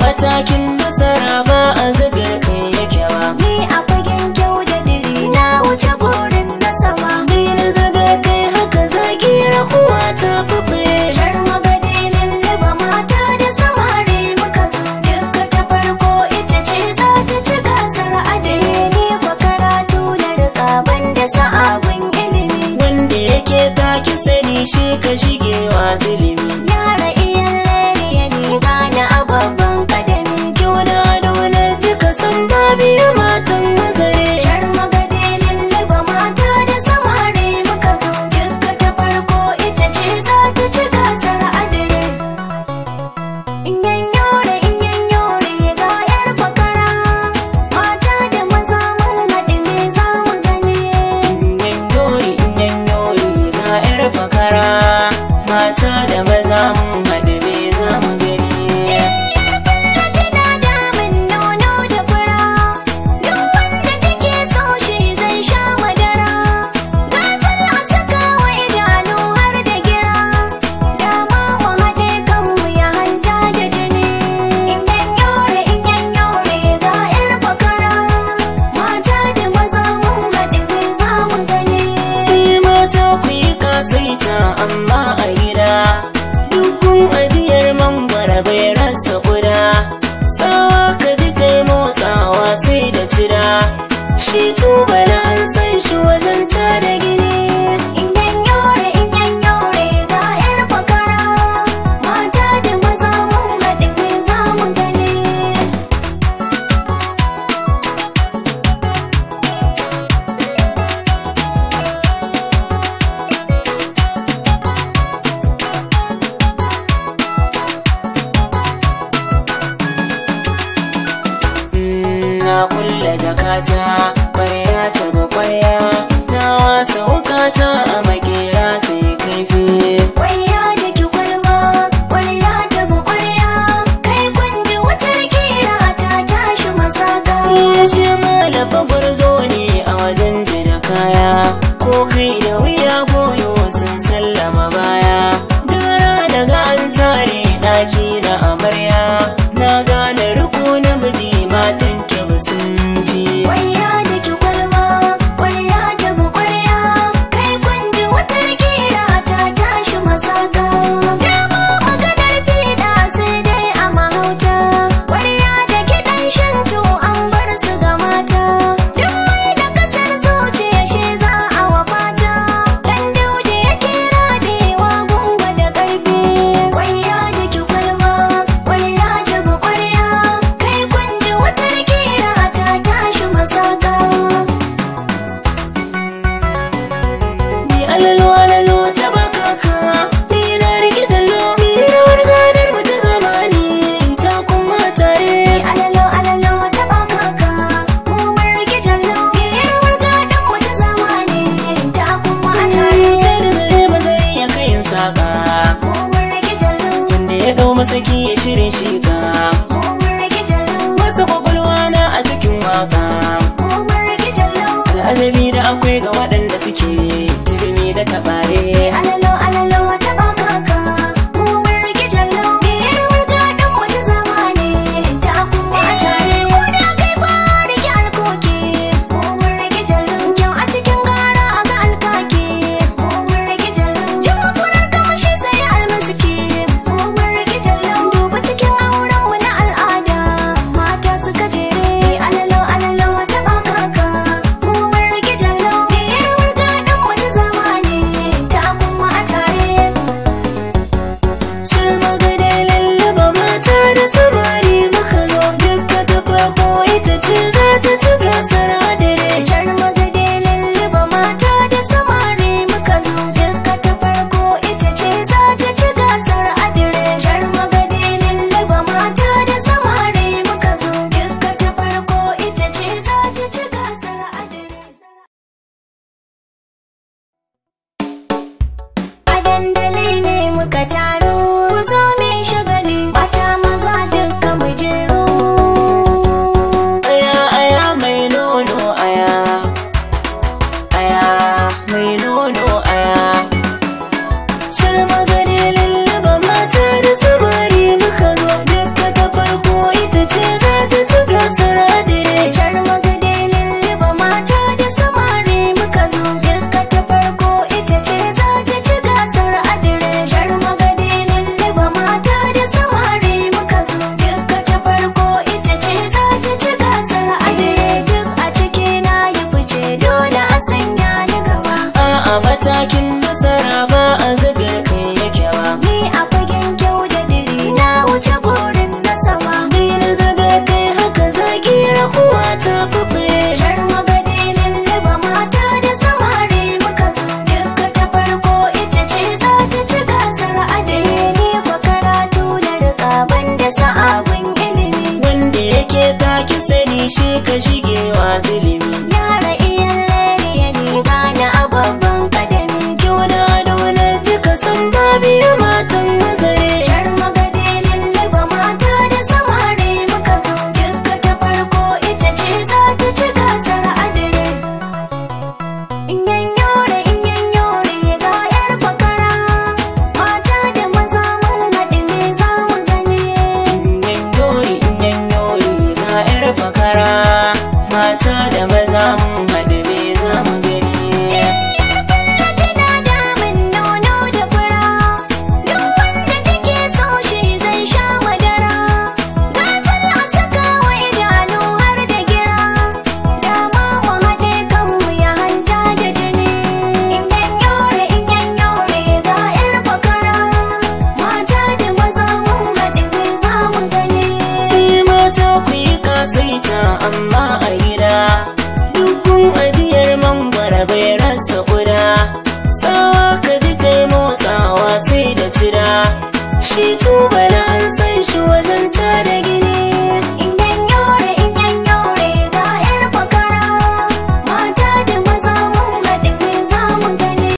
mataki iyakata she Sarmada